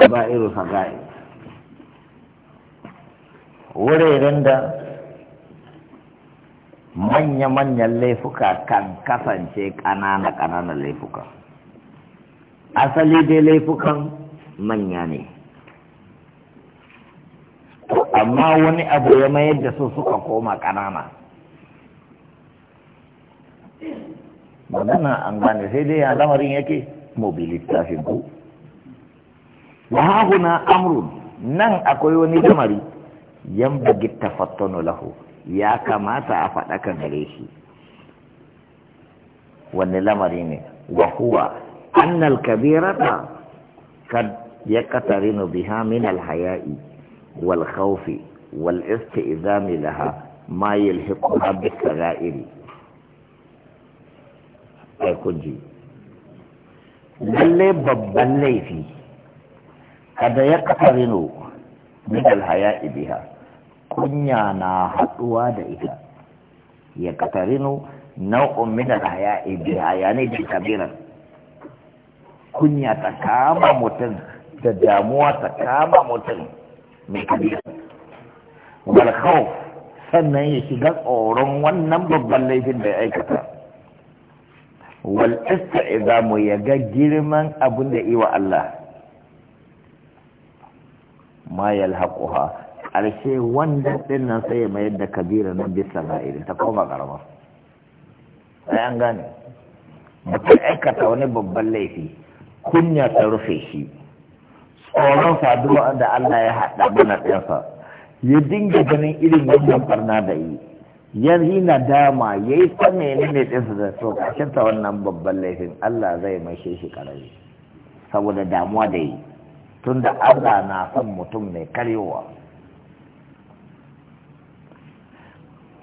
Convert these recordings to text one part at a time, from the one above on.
kaba'iru saga'i wuraren da manya-manyan laifuka kan kasance ƙanana-ƙananan laifuka asali dai laifukan manya ne amma wani abu ya mayar da su suka koma ƙanana magana an gane sai dai ya lamarin yake mobilitafin ku wa hahuna amrun nan akwai wani damari yan bagi tafattunu lahu ya kamata a faɗaka gare shi wani lamari ne wa huwa annal kabirata kad ya katarinu biha min alhaya'i wal khawfi wal istizami laha ma yalhiquha bis sagairi ai kunji lalle babban laifi kada ya kafarinu min alhaya biha kunya na haduwa da ita ya katarinu nau'un min alhaya'i biha yani da kabiran kunya ta kama mutum da damuwa ta kama mutum mai kabiran wal khawf sannan ya shiga tsoron wannan babban laifin da ya aikata wal isti'zamu ya ga girman abin da iwa Allah ma yalhaquha ƙarshe wanda din nan sai mayar da kabira nan bisa ga'iri ta koma ƙarama sai an gane mutum aikata wani babban laifi kunya ta rufe shi tsoron faduwa da Allah ya haɗa mana ɗinsa ya dinga ganin irin wannan barna da yi yanzu na dama ya yi ta ne ɗinsa da so kashinta wannan babban laifin Allah zai maishe shi ƙarari saboda damuwa da yi tunda Allah na san mutum mai karewa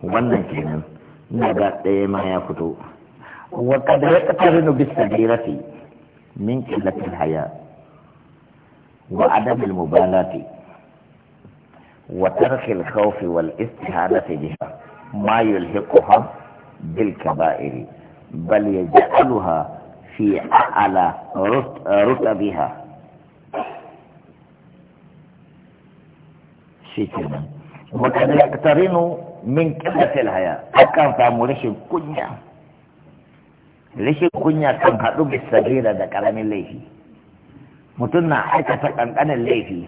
wannan kenan ina ga ɗaya ma ya fito wa kad yaqtarinu bisa dirati min qillatil haya wa adam al mubalati wa tark al khawf wal istihanati biha ma yulhiquha bil kaba'ir bal yaj'aluha fi a'la rutabiha sai kenan kuma kan yaktarinu min qillatil haya akan famu rashin kunya rashin kunya kan haɗu bi sabira da karamin laifi mutum na aikata kankanin laifi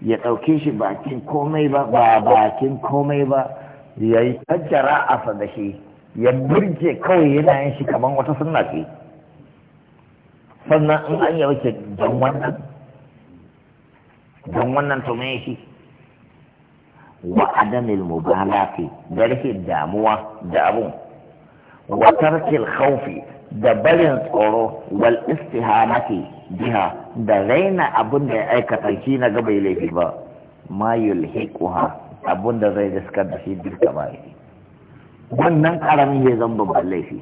ya ɗauke shi bakin komai ba ba bakin komai ba ya yi tajjara a shi. ya birge kawai yana yin shi kamar wata sunna ce sannan in an yi wace don wannan don wannan to shi wa adamil mubalati da rike damuwa da abun wa tarkil khawfi da barin tsoro wal istihamati biha da raina abun da ya aikata shi na ga bai laifi ba ma yulhiquha abun da zai daska da shi duka bai wannan karamin ya babban laifi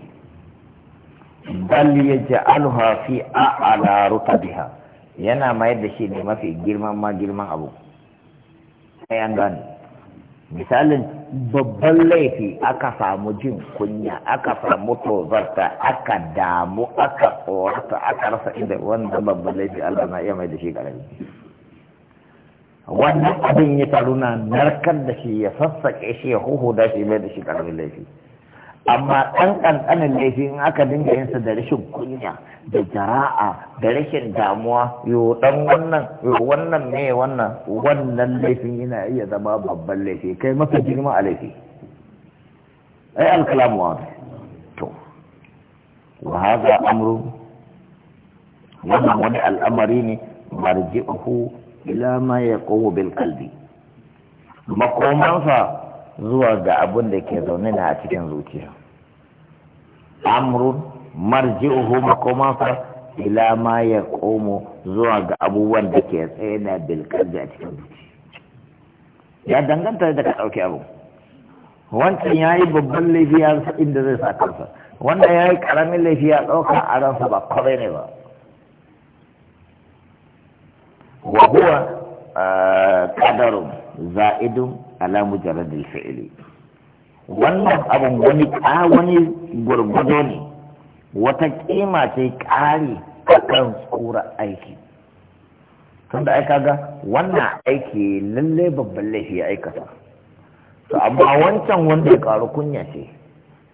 bal yaj'alha fi a'ala rutabiha yana mayar da shi ne mafi girman ma girman abu sai an misalin babban laifi aka samu jin kunya aka samu tozarta aka damu aka tsorata aka rasa inda wanda babban laifi Allah na iya mai da shi ƙarami wannan abin ya taru na narkar da shi ya sassaƙe shi ya huhu da shi mai da shi ƙaramin laifi amma ɗan ƙanƙanin laifi in aka dinga yinsa da rashin kunya da jara'a da rashin damuwa yo ɗan wannan yo wannan ne wannan wannan laifin yana iya zama babban laifi kai mafi girma a laifi ai alkalamu wa to wa haza amru wannan wani al'amari ne marji'uhu ila ma yaqumu bil qalbi makomansa zuwa ga abin da ke zaune na a cikin zuciya amrun marji'uhu fa ila ma ya komo zuwa ga abubuwan da ke tsaye da a cikin zuciya ya danganta da ka ɗauki abu wancan ya yi babban laifi ya inda zai sa kansa wanda ya yi ƙaramin laifi ya ɗauka a ransa ba kwarai ne ba wa huwa ƙadarun eh, za'idun ala mujarradil fi'li wannan abin wani ka wani gurgudo ne wata kima ce kare kan tsura aiki tunda ai ga wannan aiki lalle babban laifi ya aikata to amma wancan wanda ya karu kunya ce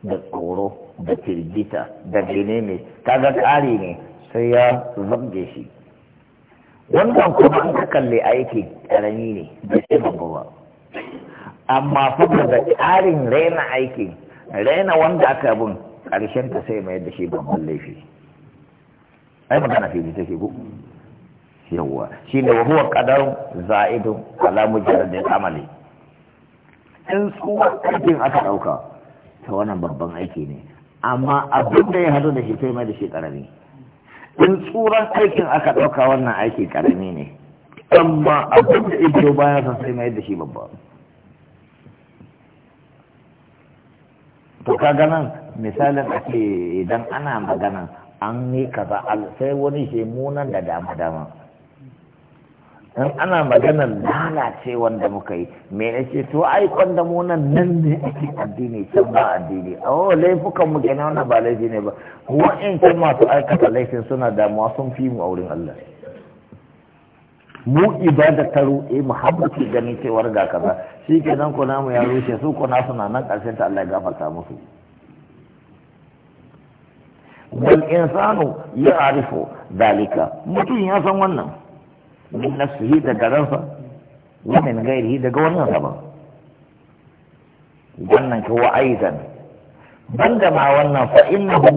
da tsoro da firgita da gine ne kaga ƙari ne sai ya zabge shi wannan kuma an ka kalli aiki ƙarami ne da shi babba ba amma da tsarin raina aikin raina wanda aka bin ƙarshen ta sai mai da shi babban laifi ai magana fili take ku. yawwa shine ne wahuwa qadar za'idun ala mujarradin amali in tsuwa aikin aka dauka ta wannan babban aiki ne amma abin da ya hadu da shi sai mai da shi karami in tsuran aikin aka dauka wannan aiki karami ne amma abin da ido baya san sai mai da shi babba to kaga nan misalin ake idan ana magana an yi kaza sai wani shi munan da dama dama in ana maganar lalace wanda muka yi me na ce to ai kwanda munan nan nan ne ake addini can ba addini oh laifukan mu kenan wannan ba laifi ne ba wa'in kuma su aikata laifin suna damuwa sun fi mu a wurin Allah mu ibada ta ruɗe mu habbaci ganin cewar ga kaza shi ke nan kuna mu ya rushe su ko kuna suna nan ƙarshen ta Allah ya gafarta musu wal insanu ya arifu dalika mutum ya san wannan min nafsihi da ransa wa min ghairihi daga wannan sa wannan ko aidan banda ma wannan fa innahu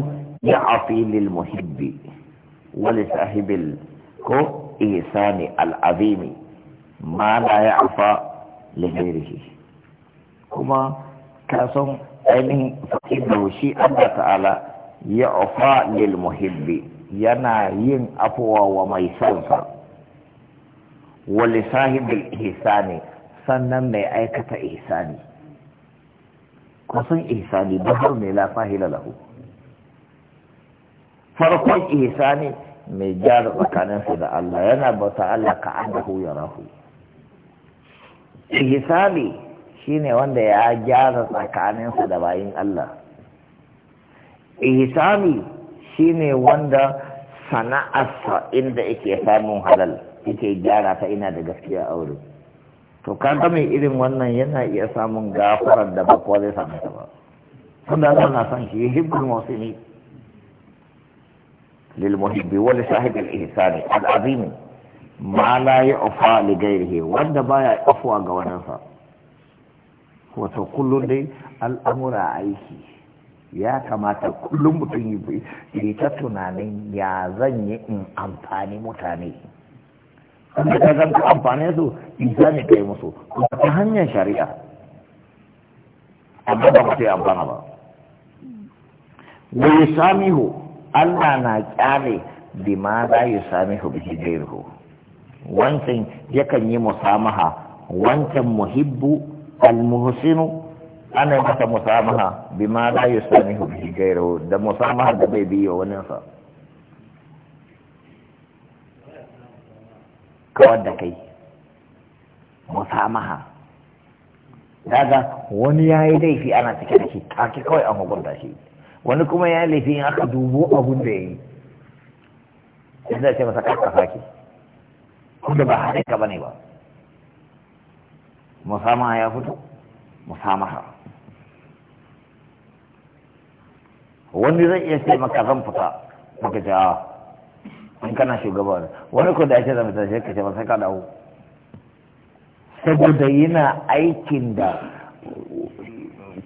ya'fi lil muhibbi wa li sahibil ko الإحسان العظيم ما لا يعفى لغيره كما كاسم أينه فإنه شيء الله تعالى يعفى للمحب ينا ين أفوى وميسوسا ولصاحب الإحسان sannan mai aikata ihsani kusan ihsani bahar ne la sahila lahu farkon mai gyara tsakaninsu da Allah yana bauta Allah ka da ya rahu shi shine wanda ya gyara tsakaninsu da bayin Allah shi shine wanda sana'arsa inda yake samun halal yake gyara ta ina da gaskiya aure to kaga mai irin wannan yana iya samun gafarar da bakwai zai samu ta ba tunda Allah na son shi hibbul muslimin للمحب ولصاحب الإحسان العظيم ما لا يعفى لغيره وأن ga يعفو غوانسا wato kullum dai al'amura aiki ya kamata kullum mutum yi ta tunanin ya zan yi in amfani mutane wanda ka zan ka su isa ne kai musu ta hanyar shari'a amma ba mutum amfana ba wai samihu Allah na kyale ma za yi sami hubbi gairu wancan yakan yi musamaha wancan muhibbu almuhsinu ana yi masa musamaha ma za yi sami hubbi gairu da musamaha da bai biyo sa kawar da kai musamaha daga wani ya yi laifi ana cike da shi take kawai an hukunta shi wani kuma ya laifi aka dubo abun da ya yi sai ce masa kakka sake kuma ba haɗe ka bane ba musamaha ya fito musamaha wani zai iya ce maka zan fita maka ce in kana shugaba wani ko da ake zama tashi ka ce ba ka dawo saboda yana aikin da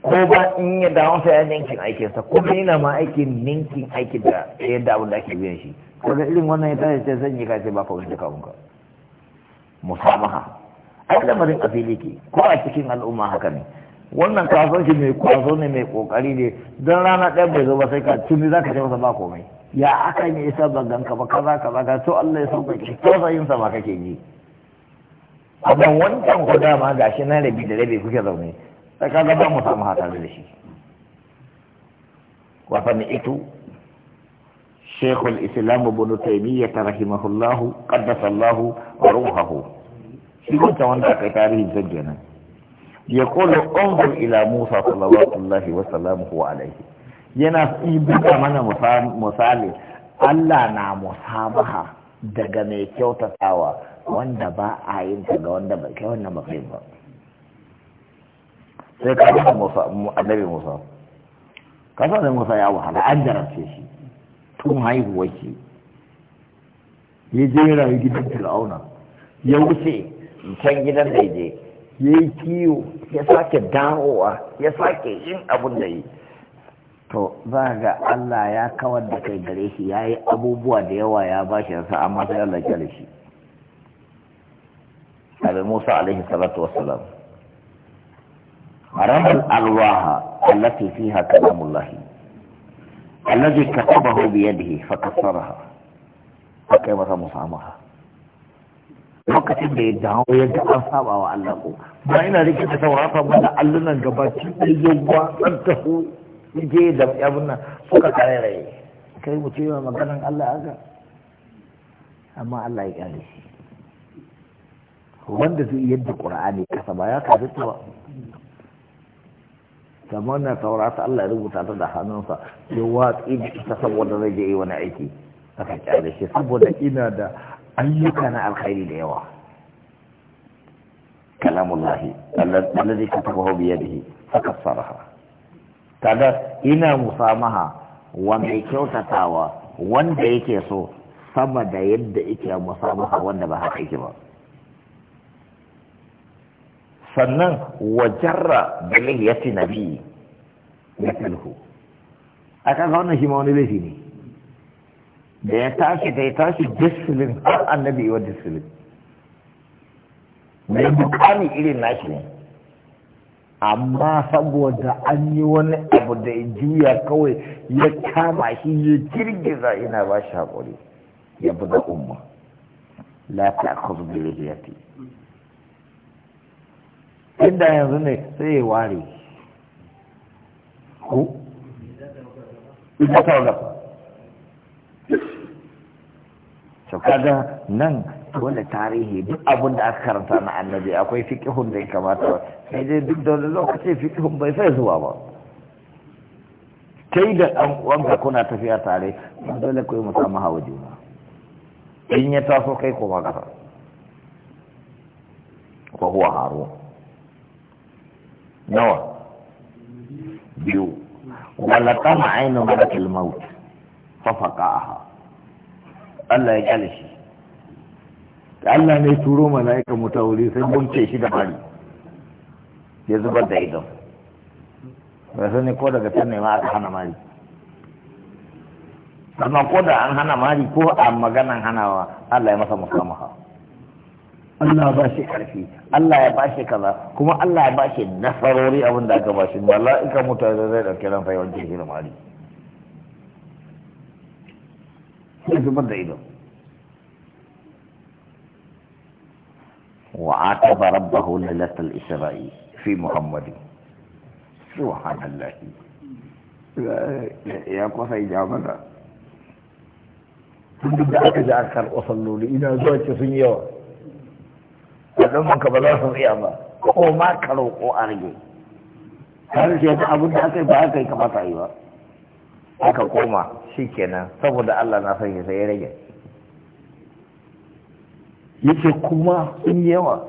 ko ba in ya dawo sai ya ninkin aikinsa ko kuma yana ma aikin ninkin aikin da yadda abin da ake biyan shi kaga irin wannan ya tashi sai sanyi ka ce ba ka wuce kawun ka musamaha ai lamarin a fili ke ko a cikin al'umma haka ne wannan kasuwanci mai kwazo ne mai kokari ne don rana ɗaya bai zo ba sai ka tuni za ka ce masa ba komai ya aka yi isa ba ganka ba kaza kaza ka so Allah ya sauka ki tausayin sa ba kake yi amma wancan ko dama gashi na rabi da rabi kuke zaune sai kaga ba mu samu hatar da shi wa sami'tu shaykhul islam ibn taymiyyah rahimahullah qaddasallahu wa ruhahu shi wanda wanda kai tarihin zagena ya kola unzur ila musa sallallahu alaihi wa sallamu alaihi yana ibada mana misali Allah na musabaha daga mai kyautatawa wanda ba a yin ta ga wanda ba kai wannan ba ba sai ka yi musa annabi musa san da musa ya wahala an jarabce shi tun haihuwa shi ya je rayu gidan fir'auna ya wuce can gidan da je ya yi kiwo ya sake dawowa ya sake yin abun da yi to za ga Allah ya kawar da kai gare shi ya yi abubuwa da yawa ya ba shi yasa amma sai Allah ya shi abin Musa alaihi salatu wassalam رمى الألواح التي فيها كلام الله الذي كتبه بيده فكسرها فكيف مصامها lokacin da ya dawo ya ga an saba wa Allah ko ba ina rike da taurata ba da allunan gabaci da yawa an ku je da abin nan suka kare rai kai mu cewa maganan Allah haka amma Allah ya kare shi wanda zai yadda Qur'ani kasa ba ya kafa ba kamar na taurata Allah ya rubuta ta da hannunsa ya watsi da ita saboda zai je yi wani aiki aka kyale shi saboda ina da ayyuka na alkhairi da yawa kalamullahi alladhi katabahu bi saka fakassaraha kada ina musamaha wa mai kyautatawa wanda yake so sama da yadda yake musamaha wanda ba haka yake ba sannan wajarra ya ce nabi ya kalhu a kan wannan shi ma wani laifi ne da ya tashi da ya tashi disilin har annabi wa disilin mai bukami irin nashi ne amma saboda an yi wani abu da ya juya kawai ya kama shi ya girgiza ina ba shi haƙuri ya buga umma la ta kuzu bilhiyati inda yanzu ne sai ya ware ku ita ta gaba to nan wanda tarihi duk abin da aka karanta na annabi akwai fikihun da ya kamata ba sai dai duk da wani lokaci fikihun bai sai zuwa ba kai da ɗan uwanka kuna tafiya tare dole ku yi musamman hawa juna in ya taso kai kuma kasa ko huwa haro nawa biyu wala kama ainihin malakil maut fafaka aha Allah ya kyale shi Allah ne turo mala'ikan mutawuri sai ce shi da bari ya zubar da idon ba sani ko daga can ne ma aka hana mari amma ko da an hana mari ko a maganan hanawa Allah ya masa musamaha Allah ba shi ƙarfi Allah ya ba shi kaza kuma Allah ya ba shi nasarori abin da aka ba shi mala'ika mutane zai ɗauki ran faiwan ke shi mali sai zubar da ido وعاتب ربه ليلة الإسراء في محمد سبحان الله يا قصي جامعة da aka ji an karɓa salloli ina zuwa ce sun yawa al'umman ka ba za su iya ba ko ma ka roƙo a rage har ce ta abin da aka yi ba aka yi kamata yi ba aka koma shi kenan saboda Allah na sanya sai ya rage yake kuma sun yawa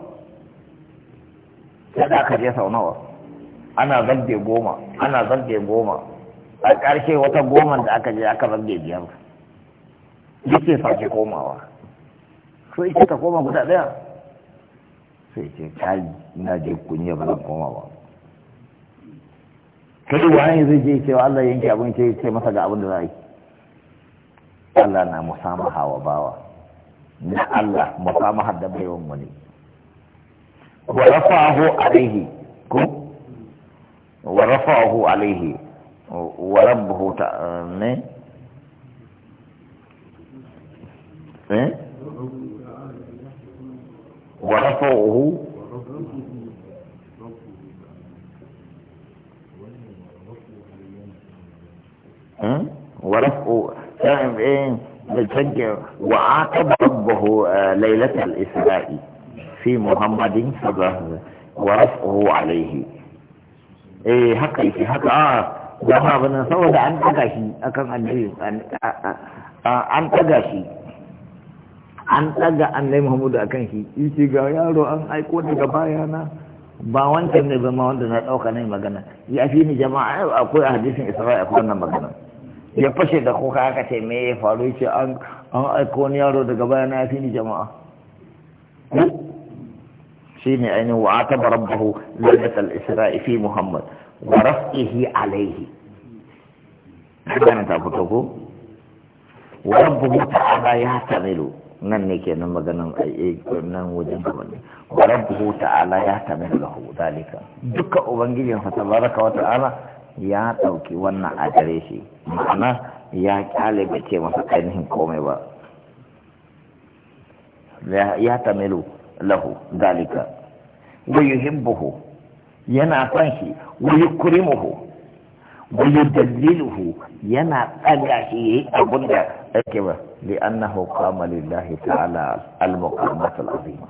Ya da aka je sau nawa ana zarge goma ana zarge goma a ƙarshe wata goma da aka je aka zarge biyar yake sake komawa sai ita koma guda ɗaya sai ce kai ina je kunya ba zan koma ba kada wani zai je cewa Allah yanke abin ce sai masa ga abin da za yi Allah na musamaha wa bawa na Allah musamaha da baiwan wani wa rafa'ahu alaihi ko wa rafa'ahu alaihi wa rabbuhu ta'ala ne eh, eh? ورفعه ورفعه فاهم ايه وعاقب ربه آه، ليلة الإسراء في محمد صلى الله عليه ورفعه عليه ايه هكا في حق اه ده ما بنصور ده عن تقاشي اكن عن عن آه، آه، تقاشي an ɗaga annai muhammadu akan shi yace ga yaro an aiko daga bayana ba wancan ne zama wanda na ɗauka ne magana ya fi ni jama'a akwai a hadisin isra'i akwai wannan magana ya fashe da kuka aka ce me ya faru ce an aiko wani yaro daga bayana ya fi ni jama'a shi ne ainihin wa ta barabbahu lalatal isra'i fi muhammad wa raf'ihi alaihi magana ta fito ko wa rabbuhu ta'ala ya tamilu nan ne kenan maganan eh, nan wajen kamar ne wa rabbuhu ta'ala ya da hu zalika duka ubangijin fata baraka wa ta'ala ya ɗauki wannan a gare shi ma'ana ya kyale bai ce masa ainihin komai ba ya da hu zalika wuyuhin buhu yana son shi wa ويدلله ينا أجعيه أبدا أكبر لأنه قام لله تعالى المقامات العظيمة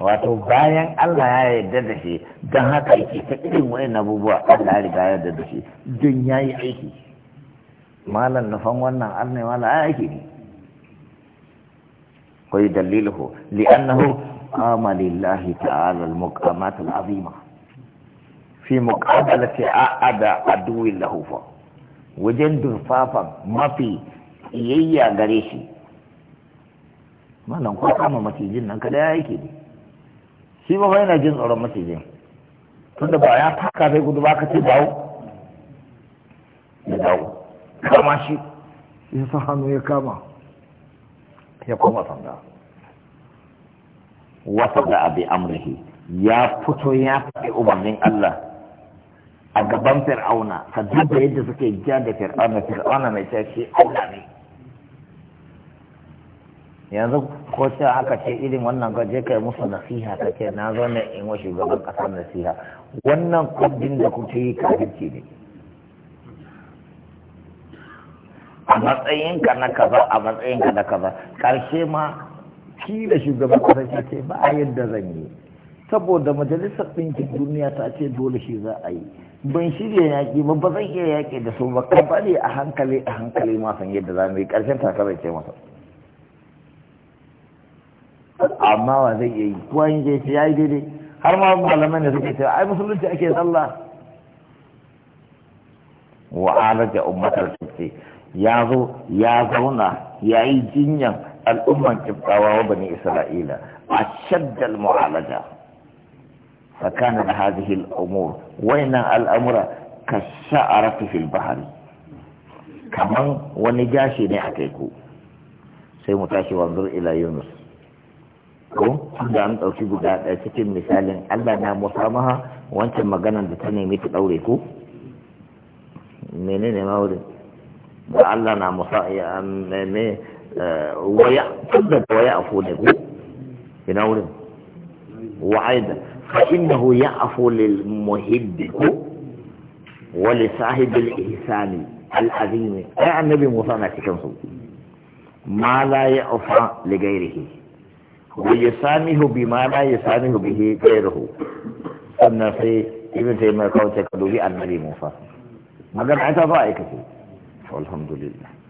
واتو الله يددشي دان هكا تقريم وين أبوبوا الله يا يددشي دنيا يأيكي ما لن نفهم وانا أرني ولا أيكي ويدلله لأنه قام لله تعالى المقامات العظيمه fi muqabalati a'ada aduwi lahu fa wajen durfafa mafi iyayya gare shi malam ko kama macijin nan kada ya yake ne shi ba yana jin tsoron macijin tunda ba ya taka sai gudu ba ka ce dawo ya dawo kama shi ya sa hannu ya kama ya koma sanda Wasu da abi amrihi ya fito ya fi ubangin Allah a gaban fir'auna ka duba yadda suke ja da fir'auna fir'auna mai tashi aula ne yanzu ko sai aka ce irin wannan ka je kai musu nasiha ka ce na zo ne in wa shugaban kasar nasiha wannan kudin da kuke yi kafirci ne a matsayinka na kaza a matsayinka na kaza karshe ma shi da shugaban kasar ce ba yadda zan yi saboda majalisar ɗinkin duniya ta ce dole shi za a yi ban shirya yaƙi ba ba zan iya yaƙi da su ba ka bari a hankali a hankali ma san yadda za mu yi ƙarshen takarar ce masa amma wa zai iya yi kuwa yin jefi ya yi daidai har ma malamai ne suke cewa ai musulunci ake sallah wa alaja ummatar ce ya zo ya zauna ya yi jinyan al'umman kibtawa wa bani isra'ila a shaddal mu'alaja فكانت هذه الأمور وإن الأمر كالشعرة في البحر كمان ونجاشي نعتيكو سيمتاشي وانظر إلى يونس ko da an ɗauki guda ɗaya cikin misalin Allah na a wancan maganar da ta nemi ta ɗaure ko menene ma da Allah na musa waya waya a ne ko ina wurin فإنه يعفو للمهد ولصاحب الإحسان العظيم أعنى بمصانع كنصو ما لا يعفى لغيره ويسامه بما لا يسامه به غيره أن في ابن تيمية قوتك دوبي أن بمصانع مدر عتبائك فيه والحمد لله